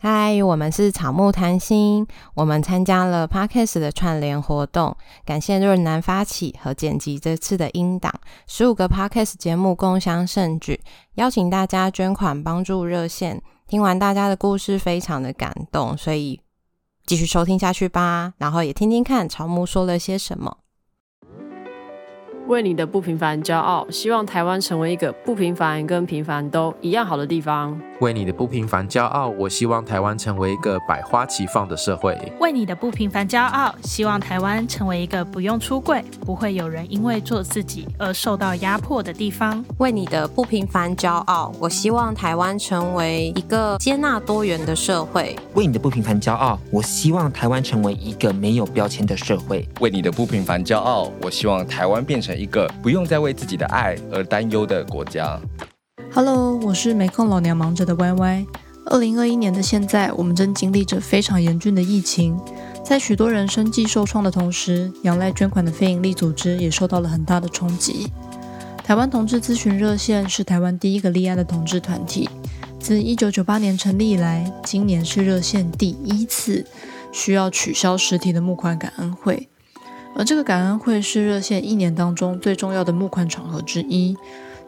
嗨，Hi, 我們是草木談心。我們參加了 Podcast 的串聯活動，感謝潤男發起和剪輯這次的音檔。十五個 Podcast 節目共襄盛舉，邀請大家捐款幫助熱線。聽完大家的故事，非常的感動，所以繼續收聽下去吧。然後也聽聽看草木說了些什麼，為你的不平凡驕傲。希望台灣成為一個不平凡跟平凡都一樣好的地方。為你的不平凡驕傲，我希望台灣成為一個百花齊放的社會。為你的不平凡驕傲，希望台灣成為一個不用出櫃、不會有人因為做自己而受到壓迫的地方。為你的不平凡驕傲，我希望台灣成為一個接納多元的社會。為你的不平凡驕傲，我希望台灣成為一個沒有標籤的社會。為你的不平凡驕傲，我希望台灣變成一個不用再為自己的愛而擔憂的國家。Hello，我是沒空老娘忙着的歪歪。二零二一年的現在，我們正經歷着非常嚴峻的疫情，在許多人生計受創的同時，仰賴捐款的非營利組織也受到了很大的衝擊。台灣同志諮詢熱線是台灣第一個立案的同志團體，自一九九八年成立以來，今年是熱線第一次需要取消實體的募款感恩會，而這個感恩會是熱線一年當中最重要的募款場合之一。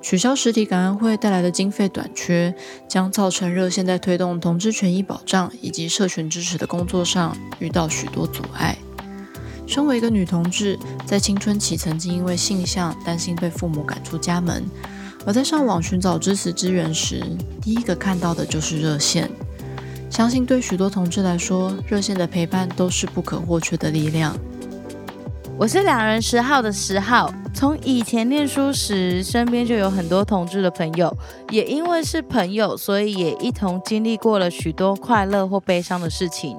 取消實體感恩會帶來的經費短缺，將造成熱線在推動同志權益保障以及社群支持的工作上遇到許多阻礙。身為一個女同志，在青春期曾經因為性向擔心被父母趕出家門，而在上網尋找知識支持資源時，第一個看到的就是熱線。相信對許多同志來說，熱線的陪伴都是不可或缺的力量。我是良人拾號的拾號，從以前念書時，身邊就有很多同志的朋友，也因為是朋友，所以也一同經歷過了許多快樂或悲傷的事情。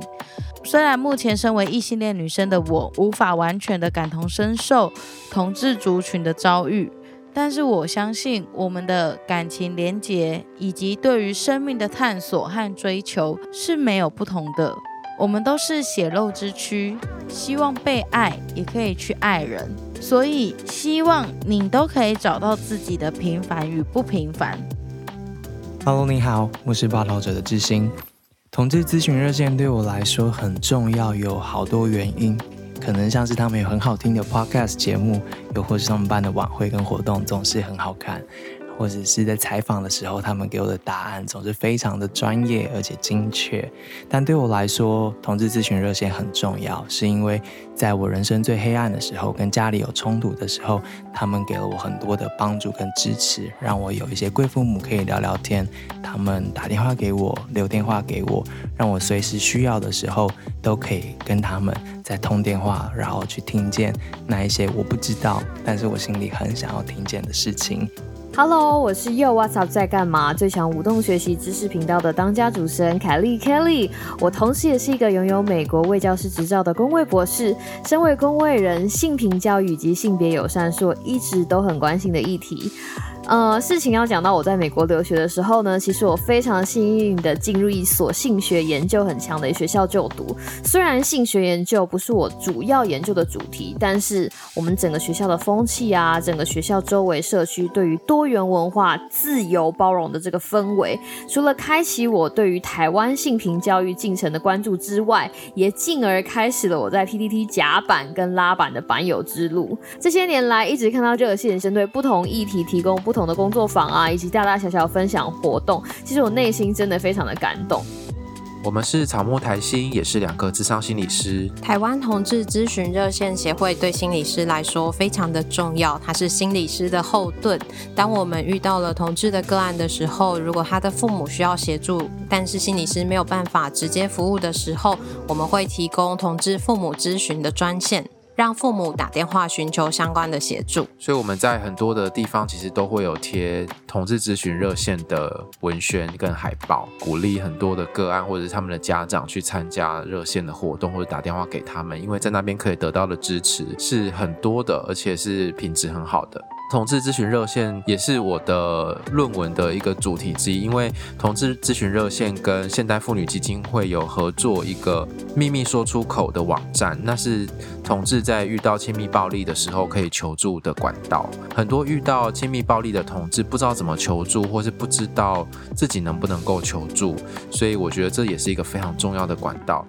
雖然目前身為異性戀女生的我，無法完全的感同身受同志族群的遭遇，但是我相信我們的感情連結以及對於生命的探索和追求是沒有不同的。我們都是血肉之軀，希望被愛，也可以去愛人，所以希望你都可以找到自己的平凡與不平凡。Hello，你好，我是報導者的致昕。同志諮詢熱線對我來說很重要，有好多原因，可能像是他們有很好聽的 podcast 節目，又或是他們辦的晚會跟活動總是很好看。或者是在採訪的時候，他們給我的答案總是非常的專業而且精確。但對我來說，同志諮詢熱線很重要，是因為在我人生最黑暗的時候，跟家裡有衝突的時候，他們給了我很多的幫助跟支持，讓我有一些櫃父母可以聊聊天。他們打電話給我，留電話給我，讓我隨時需要的時候都可以跟他們再通電話，然後去聽見那一些我不知道，但是我心裡很想要聽見的事情。Hello，我是 Yo，What's up？在幹嘛？最強舞動學習知識頻道的當家主持人凱莉 Kelly，我同時也是一個擁有美國衛教師執照的公衛博士。身為公衛人，性平教育及性別友善是我一直都很關心的議題。呃，事情要講到我在美國留學的時候呢，其實我非常幸運的進入一所性學研究很強的學校就讀。雖然性學研究不是我主要研究的主題，但是我們整個學校的風氣啊，整個學校周圍社區對於多元文化、自由包容的這個氛圍，除了開啟我對於台灣性平教育進程的關注之外，也進而開始了我在 PTT 甲板跟拉板的板友之路。這些年來一直看到這個熱線針對不同議題提供不同的工作坊啊，以及大大小小分享活動，其實我內心真的非常的感動。我們是草木談心，也是兩個諮商心理師。台灣同志諮詢熱線協會對心理師來說非常的重要，它是心理師的後盾。當我們遇到了同志的個案的時候，如果他的父母需要協助，但是心理師沒有辦法直接服務的時候，我們會提供同志父母諮詢的專線。讓父母打電話尋求相關的協助，所以我們在很多的地方其實都會有貼同志諮詢熱線的文宣跟海報，鼓勵很多的個案或者是他們的家長去參加熱線的活動，或者打電話給他們，因為在那邊可以得到的支持是很多的，而且是品質很好的。同志諮詢熱線也是我的論文的一個主題之一，因為同志諮詢熱線跟現代婦女基金會有合作一個祕密說出口的網站，那是同志在遇到親密暴力的時候可以求助的管道。很多遇到親密暴力的同志不知道怎麼求助，或是不知道自己能不能夠求助，所以我覺得這也是一個非常重要的管道。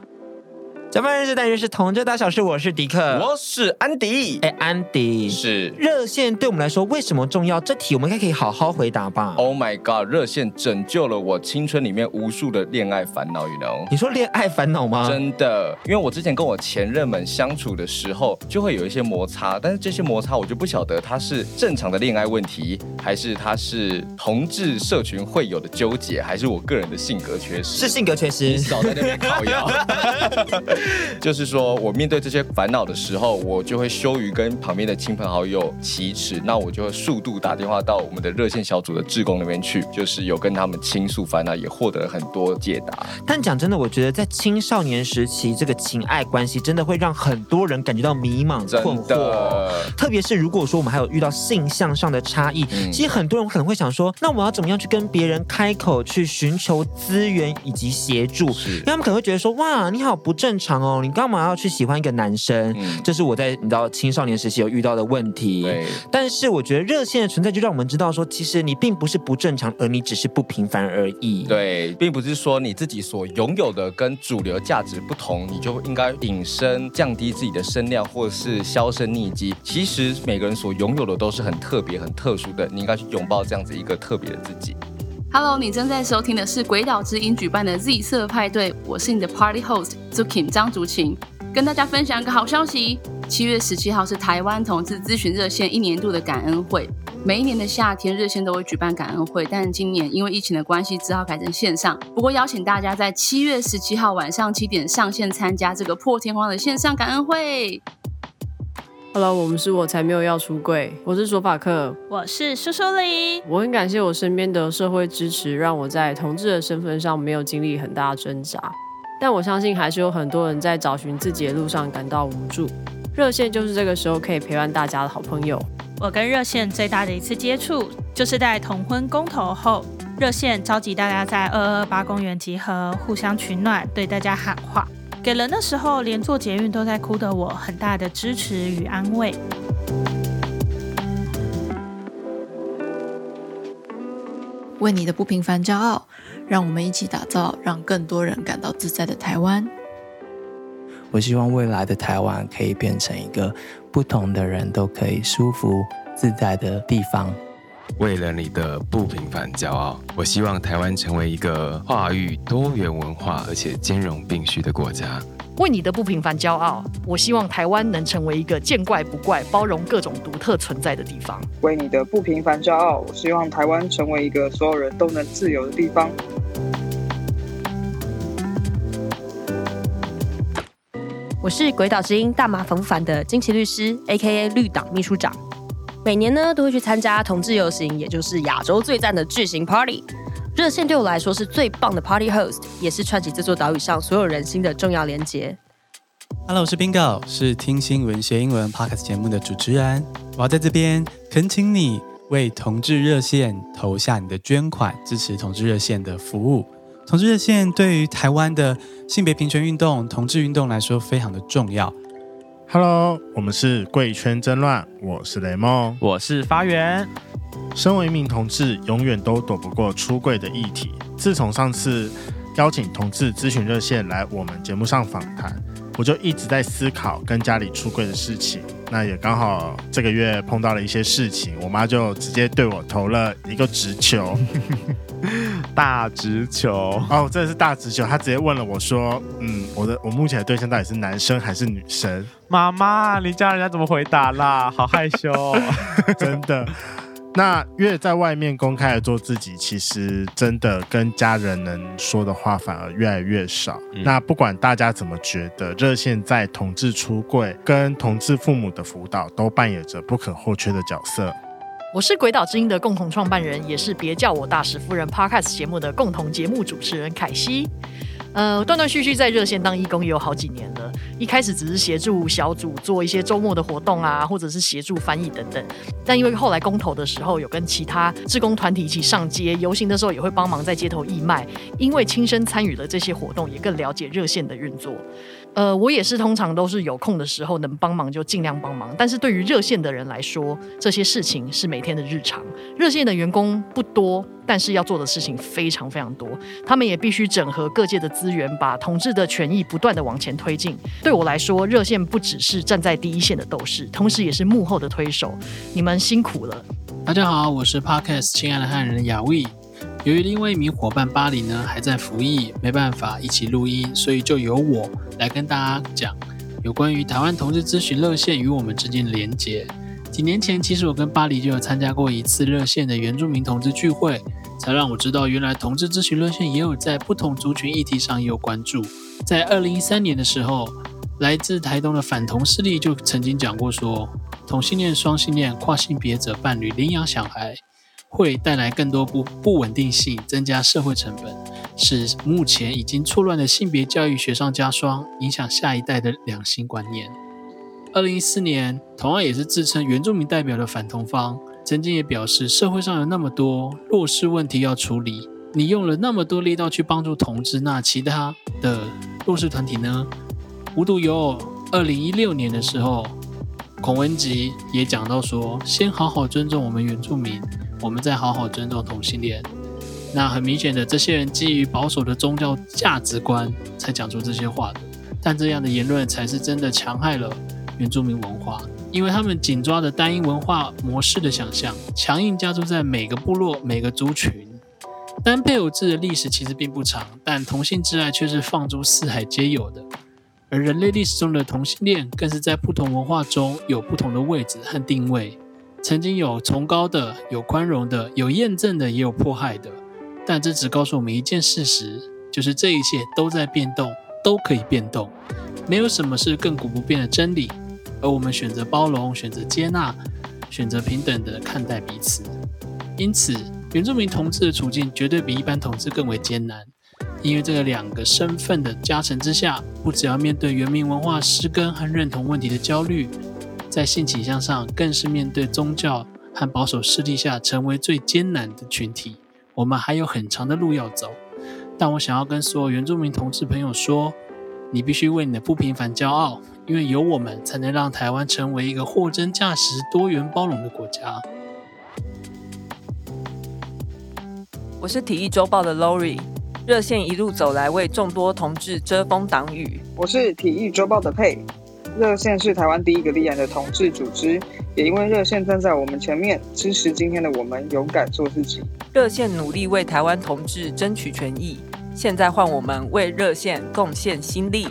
甲板日誌，代誌是同志大小事，我是迪克，我是安迪。哎、欸，安迪是熱線對我們來說為什麼重要？這題我們應該可以好好回答吧。Oh my god，熱線拯救了我青春裡面無數的戀愛煩惱與 you know? 你說戀愛煩惱嗎？真的，因為我之前跟我前任們相處的時候，就會有一些摩擦，但是這些摩擦我就不曉得他是正常的戀愛問題，還是他是同志社群會有的糾結，還是我個人的性格缺失。是性格缺失，少在那邊靠腰。 就是說我面對這些煩惱的時候，我就會羞於跟旁邊的親朋好友啟齒，那我就會速度打電話到我們的熱線小組的志工那邊去，就是有跟他們傾訴煩惱，也獲得了很多解答。但講真的，我覺得在青少年時期，這個情愛關係真的會讓很多人感覺到迷茫困惑，的特別是如果說我們還有遇到性向上的差異，嗯、其實很多人可能會想說，那我要怎麼樣去跟別人開口去尋求資源以及協助？是因為他們可能會覺得說，哇，你好不正常。哦，你幹嘛要去喜歡一個男生？嗯，這是我在你知道青少年時期有遇到的問題。對，但是我覺得熱線的存在，就讓我們知道說，其實你並不是不正常，而你只是不平凡而已。對，並不是說你自己所擁有的跟主流價值不同，你就應該隱身、降低自己的聲量，或是銷聲匿跡。其實每個人所擁有的都是很特別、很特殊的，你應該去擁抱這樣子一個特別的自己。Hello，你正在收聽的是《鬼島之音》舉辦的 Z 色派對，我是你的 Party Host 朱琴張竹琴，跟大家分享一個好消息：七月十七號是台灣同志諮詢熱線一年度的感恩會。每一年的夏天，熱線都會舉辦感恩會，但今年因為疫情的關係，只好改成線上。不過，邀請大家在七月十七號晚上七點上線參加這個破天荒的線上感恩會。Hello，我們是我才沒有要出櫃，我是索法克，我是蘇蘇麗。我很感謝我身邊的社會支持，讓我在同志的身份上沒有經歷很大的掙扎。但我相信還是有很多人在找尋自己的路上感到無助。熱線就是這個時候可以陪伴大家的好朋友。我跟熱線最大的一次接觸，就是在同婚公投後，熱線召集大家在二二八公園集合，互相取暖，對大家喊話。給了那時候，連坐捷運都在哭的我，很大的支持與安慰。為你的不平凡驕傲，讓我們一起打造，讓更多人感到自在的台灣。我希望未來的台灣可以變成一個不同的人都可以舒服自在的地方。為了你的不平凡驕傲，我希望台灣成為一個話語多元文化而且兼容並蓄的國家。為你的不平凡驕傲，我希望台灣能成為一個見怪不怪、包容各種獨特存在的地方。為你的不平凡驕傲，我希望台灣成為一個所有人都能自由的地方。我是鬼島之音、大麻煩不煩的菁琪律師，A.K.A. 綠黨秘書長。每年呢都會去參加同志遊行，也就是亞洲最讚的巨型 Party。熱線對我來說是最棒的 Party host，也是串起這座島嶼上所有人心的重要連結。Hello，我是 Bingo，是聽新聞學英文 podcast 節目的主持人。我要在這邊懇請你為同志熱線投下你的捐款，支持同志熱線的服務。同志熱線對於台灣的性別平權運動、同志運動來說非常的重要。Hello，我們是貴圈真亂，我是雷夢，我是發源。身為一名同志，永遠都躲不過出櫃的議題。自從上次邀請同志諮詢熱線來我們節目上訪談。我就一直在思考跟家裡出櫃的事情，那也剛好這個月碰到了一些事情，我媽就直接對我投了一個直球，大直球哦，這是大直球，她直接問了我說，嗯，我的我目前的對象到底是男生還是女生？媽媽，你叫人家怎麼回答啦？好害羞哦， 真的。那越在外面公開的做自己，其實真的跟家人能說的話反而越來越少。嗯。那不管大家怎麼覺得，熱線在同志出櫃跟同志父母的輔導都扮演着不可或缺的角色。我是鬼島之音的共同創辦人，也是別叫我大使夫人 Podcast 節目的共同節目主持人凱西。呃，斷斷續續在熱線當義工也有好幾年了。一開始只是協助小組做一些周末的活動啊，或者是協助翻譯等等。但因為後來公投的時候，有跟其他志工團體一起上街遊行的時候，也會幫忙在街頭義賣。因為親身參與了這些活動，也更了解熱線的運作。呃，我也是，通常都是有空的時候能幫忙就盡量幫忙。但是對於熱線的人來說，這些事情是每天的日常。熱線的員工不多，但是要做的事情非常非常多。他們也必須整合各界的資源，把同志的權益不斷地往前推進。對我來說，熱線不只是站在第一線的鬥士，同時也是幕後的推手。你們辛苦了。大家好，我是 Parkes，親愛的漢人雅薇。由於另外一名夥伴巴黎呢還在服役，沒辦法一起錄音，所以就由我來跟大家講有關於台灣同志諮詢熱線與我們之間的連結。幾年前，其實我跟巴黎就有參加過一次熱線的原住民同志聚會，才讓我知道原來同志諮詢熱線也有在不同族群議題上也有關注。在二零一三年的時候，來自台東的反同勢力就曾經講過說，同性戀、雙性戀、跨性別者伴侶領養小孩，會帶來更多不不穩定性，增加社會成本，使目前已經錯亂的性別教育雪上加霜，影響下一代的兩性觀念。二零一四年，同樣也是自稱原住民代表的反同方，曾經也表示社會上有那麼多弱勢問題要處理，你用了那麼多力道去幫助同志，那其他的弱勢團體呢？無獨有偶，二零一六年的時候，孔文吉也講到說，先好好尊重我們原住民。我們再好好尊重同性戀。那很明顯的，這些人基於保守的宗教價值觀才講出這些話的。但這樣的言論才是真的戕害了原住民文化，因為他們緊抓着單一文化模式的想象，強硬加注在每個部落、每個族群。單配偶制的歷史其實並不長，但同性之愛卻是放諸四海皆有的。而人類歷史中的同性戀，更是在不同文化中有不同的位置和定位。曾經有崇高的，有寬容的，有驗證的，也有迫害的，但這只告訴我們一件事實，就是這一切都在變動，都可以變動，沒有什麼是亘古不變的真理。而我們選擇包容，選擇接納，選擇平等的看待彼此。因此，原住民同志的處境絕對比一般同志更為艱難，因為這個兩個身份的加成之下，不只要面對原民文化失根和認同問題的焦慮。在性取向上，更是面對宗教和保守勢力下，成為最艱難的群體。我們還有很長的路要走，但我想要跟所有原住民同志朋友說，你必須為你的不平凡驕傲，因為有我們，才能讓台灣成為一個貨真價實、多元包容的國家。我是體液週報的 Lori，熱線一路走來，為眾多同志遮風擋雨。我是體液週報的佩。熱線是台灣第一個立案的同志組織，也因為熱線站在我們前面，支持今天的我們，勇敢做自己。熱線努力為台灣同志爭取權益，現在換我們為熱線貢獻心力。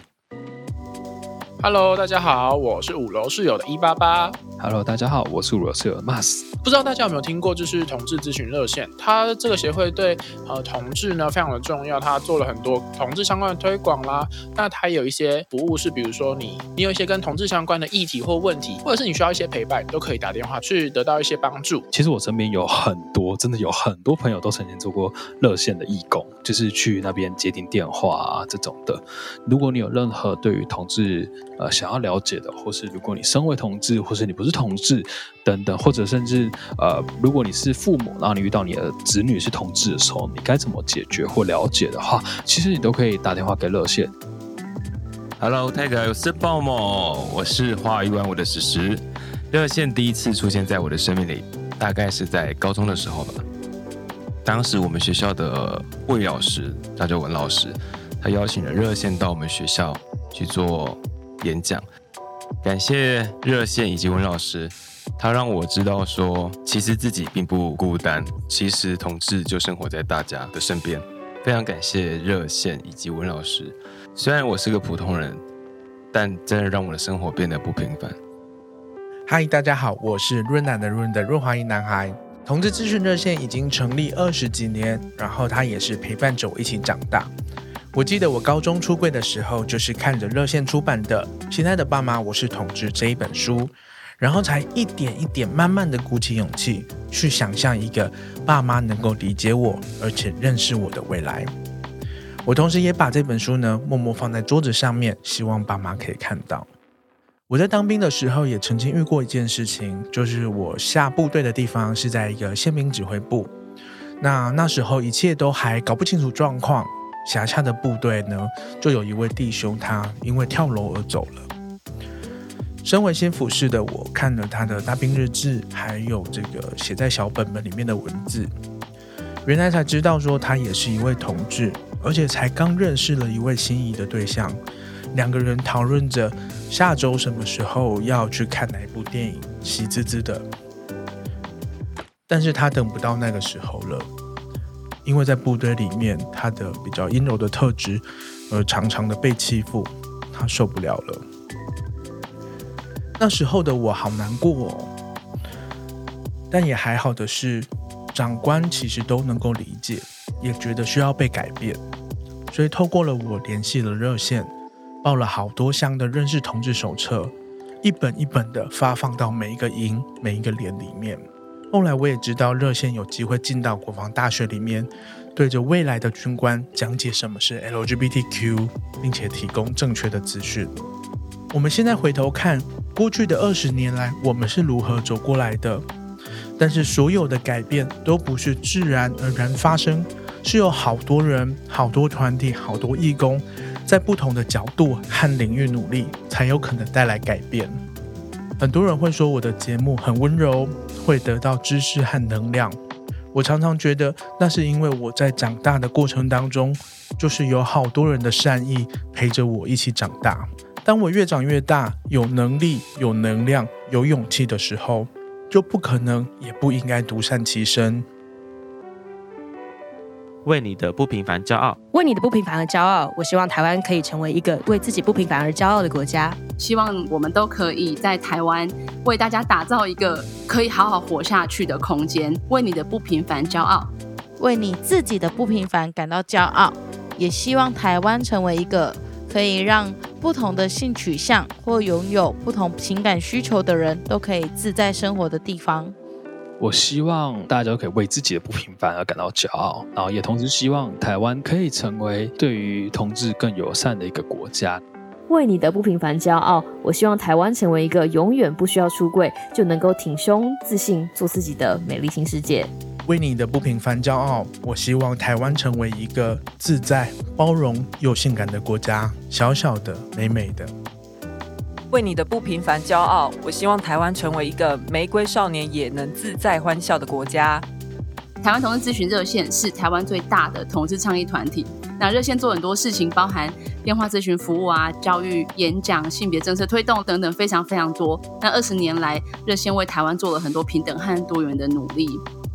Hello，大家好，我是伍樓室友的一八八。Hello，大家好，我是羅瑟 Mas。不知道大家有沒有聽過，就是同志諮詢熱線，它這個協會對呃同志呢非常的重要，它做了很多同志相關的推廣啦。那它有一些服務是，比如說你你有一些跟同志相關的議題或問題，或者是你需要一些陪伴，你都可以打電話去得到一些幫助。其實我身邊有很多，真的有很多朋友都曾經做過熱線的義工，就是去那邊接聽電話啊這種的。如果你有任何對於同志呃想要了解的，或是如果你身為同志，或是你不是。同志等等，或者甚至呃，如果你是父母，然後你遇到你的子女是同志的時候，你該怎麼解決或了解的話，其實你都可以打電話給熱線。Hello，大家好，我是鮑某，我是化癒萬物的史實。熱線第一次出現在我的生命裡，大概是在高中的時候吧。當時我們學校的魏老師張周文老師，他邀請了熱線到我們學校去做演講。感謝熱線以及文老師，他讓我知道說，其實自己並不孤單，其實同志就生活在大家的身邊。非常感謝熱線以及文老師，雖然我是個普通人，但真的讓我的生活變得不平凡。嗨，大家好，我是潤男的潤的潤滑液男孩。同志諮詢熱線已經成立二十幾年，然後他也是陪伴着我一起長大。我記得我高中出櫃的時候，就是看着熱線出版的《親愛的爸媽，我是同志》這一本書，然後才一點一點慢慢的鼓起勇氣，去想象一個爸媽能夠理解我，而且認識我的未來。我同時也把這本書呢默默放在桌子上面，希望爸媽可以看到。我在當兵的時候，也曾經遇過一件事情，就是我下部隊的地方是在一個憲兵指揮部，那那時候一切都還搞不清楚狀況。轄下的部隊呢，就有一位弟兄，他因為跳樓而走了。身為心輔士的我，看了他的大兵日誌，還有這個寫在小本本裡面的文字，原來才知道說他也是一位同志，而且才剛認識了一位心儀的對象，兩個人討論着下周什麼時候要去看哪一部電影，喜滋滋的。但是他等不到那個時候了。因為在部隊裡面，他的比較陰柔的特質，而常常的被欺負，他受不了了。那時候的我好難過哦。但也還好的是，長官其實都能夠理解，也覺得需要被改變，所以透過了我聯繫了熱線，報了好多箱的認識同志手冊，一本一本的發放到每一個營、每一個連裡面。後來我也知道，熱線有機會進到國防大學裡面，對着未來的軍官講解什麼是 LGBTQ，並且提供正確的資訊。我們現在回頭看過去的二十年來，我們是如何走過來的？但是所有的改變都不是自然而然發生，是有好多人、好多團體、好多義工，在不同的角度和領域努力，才有可能帶來改變。很多人會說我的節目很溫柔，會得到知識和能量。我常常覺得那是因為我在長大的過程當中，就是有好多人的善意陪着我一起長大。當我越長越大，有能力、有能量、有勇氣的時候，就不可能也不應該獨善其身。為你的不平凡驕傲，為你的不平凡而驕傲。我希望台灣可以成為一個為自己不平凡而驕傲的國家。希望我們都可以在台灣為大家打造一個可以好好活下去的空間。為你的不平凡驕傲，為你自己的不平凡感到驕傲，也希望台灣成為一個可以讓不同的性取向或擁有不同情感需求的人都可以自在生活的地方。我希望大家都可以為自己的不平凡而感到驕傲，然後也同時希望台灣可以成為對於同志更友善的一個國家。為你的不平凡驕傲，我希望台灣成為一個永遠不需要出櫃就能夠挺胸自信做自己的美麗新世界。為你的不平凡驕傲，我希望台灣成為一個自在、包容又性感的國家，小小的、美美的。為你的不平凡驕傲，我希望台灣成為一個玫瑰少年也能自在歡笑的國家。台灣同志諮詢熱線是台灣最大的同志倡議團體，那熱線做很多事情，包含電話諮詢服務啊、教育演講、性別政策推動等等，非常非常多。那二十年來，熱線為台灣做了很多平等和多元的努力。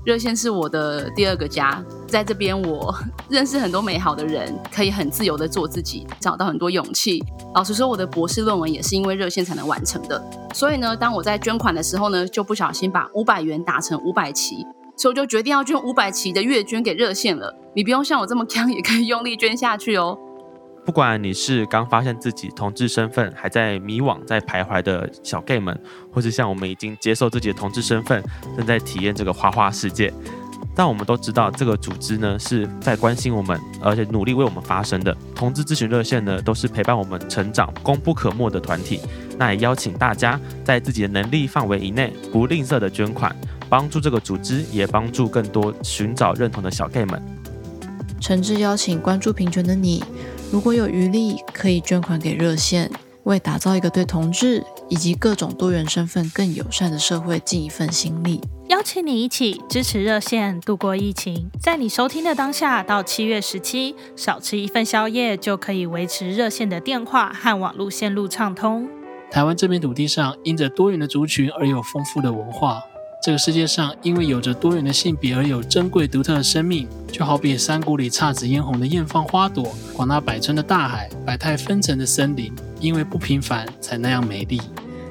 熱線是我的第二個家，在這邊我認識很多美好的人，可以很自由的做自己，找到很多勇氣。老實說，我的博士論文也是因為熱線才能完成的。所以呢，當我在捐款的時候呢，就不小心把五百元打成五百期，所以我就決定要捐五百期的月捐給熱線了。你不用像我這麼強，也可以用力捐下去哦。不管你是剛發現自己同志身份，還在迷惘、在徘徊的小 gay 們，或是像我們已經接受自己的同志身份，正在體驗這個花花世界，但我們都知道這個組織呢是在關心我們，而且努力為我們發聲的。同志諮詢熱線呢都是陪伴我們成長、功不可沒的團體。那也邀請大家在自己的能力範圍以內，不吝嗇的捐款，幫助這個組織，也幫助更多尋找認同的小 gay 們。誠摯邀請關注平權的你。如果有餘力，可以捐款給熱線，為打造一個對同志以及各種多元身份更友善的社會盡一份心力。邀請你一起支持熱線度過疫情。在你收聽的當下，到七月十七，少吃一份宵夜就可以維持熱線的電話和網絡線路暢通。台灣這片土地上，因着多元的族群而有豐富的文化。這個世界上，因為有着多元的性別，而有珍貴獨特的生命，就好比山谷裡姹紫嫣紅的豔放花朵，廣納百川的大海，百態紛呈的森林，因為不平凡才那樣美麗。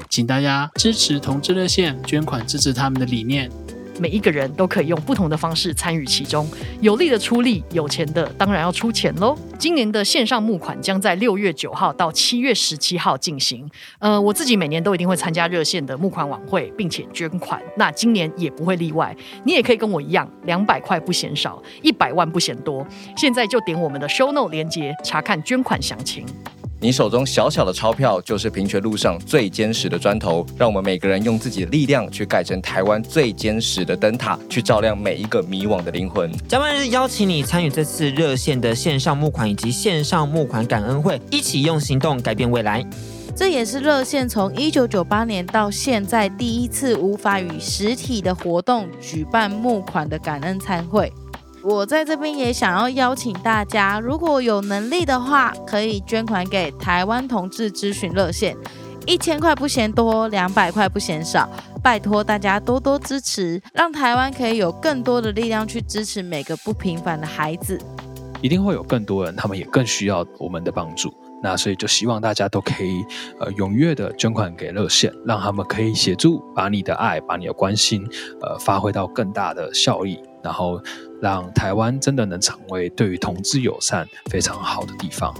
請大家支持同志熱線，捐款支持他們的理念。每一個人都可以用不同的方式參與其中，有力的出力，有錢的當然要出錢嘍。今年的線上募款將在六月九號到七月十七號進行。呃，我自己每年都一定會參加熱線的募款晚會，並且捐款。那今年也不會例外。你也可以跟我一樣，兩百塊不嫌少，一百萬不嫌多。現在就點我們的 show note 連接，查看捐款詳情。你手中小小的鈔票，就是平權路上最堅實的磚頭。讓我們每個人用自己的力量，去蓋成台灣最堅實的燈塔，去照亮每一個迷惘的靈魂。甲板日誌邀請你參與這次熱線的線上募款以及線上募款感恩會，一起用行動改變未來。這也是熱線從一九九八年到現在第一次無法與實體的活動舉辦募款的感恩餐會。我在這邊也想要邀請大家，如果有能力的話，可以捐款給台灣同志諮詢熱線，一千塊不嫌多，兩百塊不嫌少，拜托大家多多支持，讓台灣可以有更多的力量去支持每個不平凡的孩子。一定會有更多人，他們也更需要我們的幫助。那所以就希望大家都可以呃踴躍的捐款給熱線，讓他們可以協助把你的愛、把你的關心呃發揮到更大的效益。然後，讓台灣真的能成為對於同志友善非常好的地方。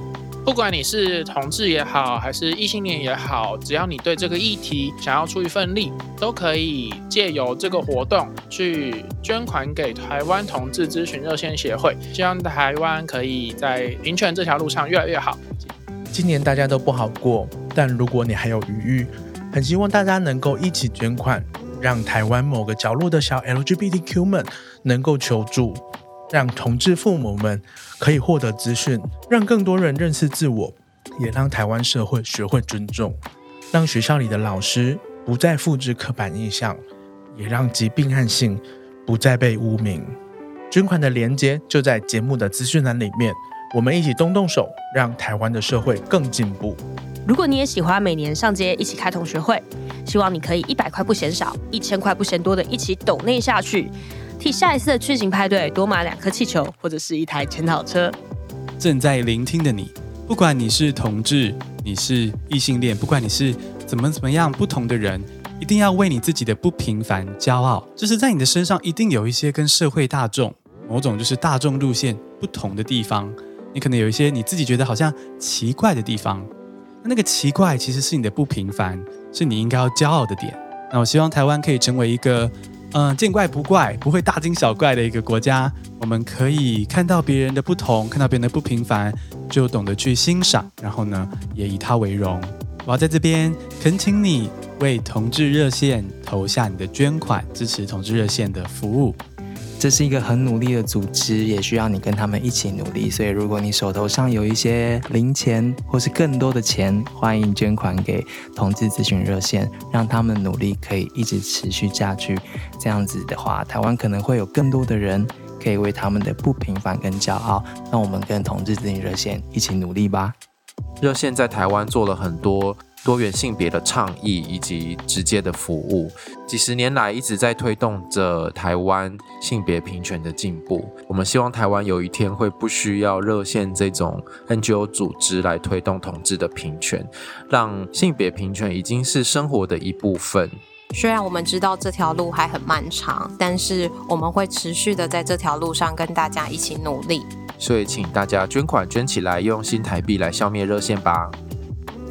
不管你是同志也好，還是異性戀也好，只要你對這個議題想要出一份力，都可以借由這個活動去捐款給台灣同志諮詢熱線協會。希望台灣可以在平權這條路上越來越好。今年大家都不好過，但如果你還有餘裕，很希望大家能夠一起捐款。讓台灣某個角落的小 LGBTQ 們能夠求助，讓同志父母們可以獲得資訊，讓更多人認識自我，也讓台灣社會學會尊重，讓學校裡的老師不再複製刻板印象，也讓疾病和性不再被污名。捐款的鏈接就在節目的資訊欄裡面，我們一起動動手，讓台灣的社會更進步。如果你也喜歡每年上街一起開同學會，希望你可以一百塊不嫌少，一千塊不嫌多的一起抖內下去，替下一次的巨型派對多買兩顆氣球或者是一台千島車。正在聆聽的你，不管你是同志，你是異性戀，不管你是怎麼怎麼樣不同的人，一定要為你自己的不平凡驕傲。就是在你的身上一定有一些跟社會大眾某種就是大眾路線不同的地方，你可能有一些你自己覺得好像奇怪的地方。那個奇怪其實是你的不平凡，是你應該要驕傲的點。那我希望台灣可以成為一個，嗯、呃，見怪不怪，不會大驚小怪的一個國家。我們可以看到別人的不同，看到別人的不平凡，就懂得去欣賞。然後呢，也以他為榮。我要在這邊懇請你為同志熱線投下你的捐款，支持同志熱線的服務。這是一個很努力的組織，也需要你跟他們一起努力。所以，如果你手頭上有一些零錢或是更多的錢，歡迎捐款給同志諮詢熱線，讓他們努力可以一直持續下去。這樣子的話，台灣可能會有更多的人可以為他們的不平凡跟驕傲。那我們跟同志諮詢熱線一起努力吧。熱線在台灣做了很多。多元性別的倡議以及直接的服務，幾十年來一直在推動着台灣性別平權的進步。我們希望台灣有一天會不需要熱線這種 NGO 組織來推動同志的平權，讓性別平權已經是生活的一部分。雖然我們知道這條路還很漫長，但是我們會持續的在這條路上跟大家一起努力。所以，請大家捐款捐起來，用新台幣來消滅熱線吧。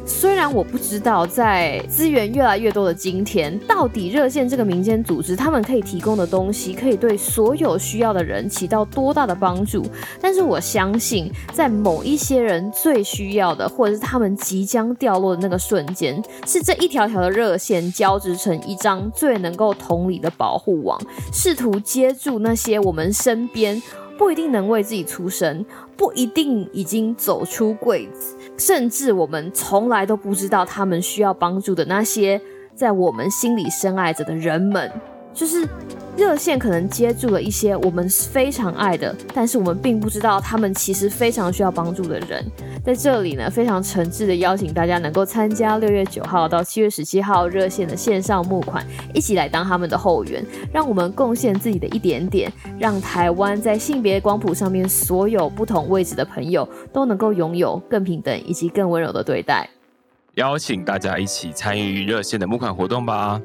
雖然我不知道，在資源越來越多的今天，到底熱線這個民間組織他們可以提供的東西，可以對所有需要的人起到多大的幫助，但是我相信，在某一些人最需要的，或者是他們即將掉落的那個瞬間，是這一條條的熱線交織成一張最能夠同理的保護網，試圖接住那些我們身邊。不一定能為自己出聲，不一定已經走出櫃子，甚至我們從來都不知道他們需要幫助的那些，在我們心裡深愛着的人們。就是熱線可能接住了一些我們非常愛的，但是我們並不知道他們其實非常需要幫助的人。在這裡呢，非常誠摯地邀請大家能夠參加六月九號到七月十七號熱線的線上募款，一起來當他們的後援，讓我們貢獻自己的一點點，讓台灣在性別光譜上面所有不同位置的朋友都能夠擁有更平等以及更溫柔的對待。邀請大家一起參與熱線的募款活動吧。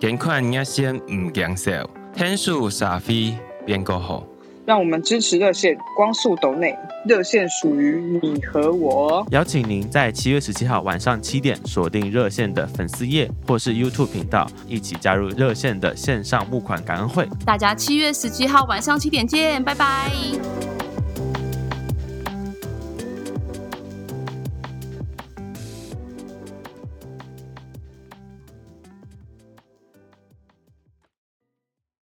捐款也先唔減少，天數傻飛變過好。讓我們支持熱線，光速抖內，熱線屬於你和我。邀請您在七月十七號晚上七點，鎖定熱線的粉絲頁或是 YouTube 頻道，一起加入熱線的線上募款感恩會。大家七月十七號晚上七點見，拜拜。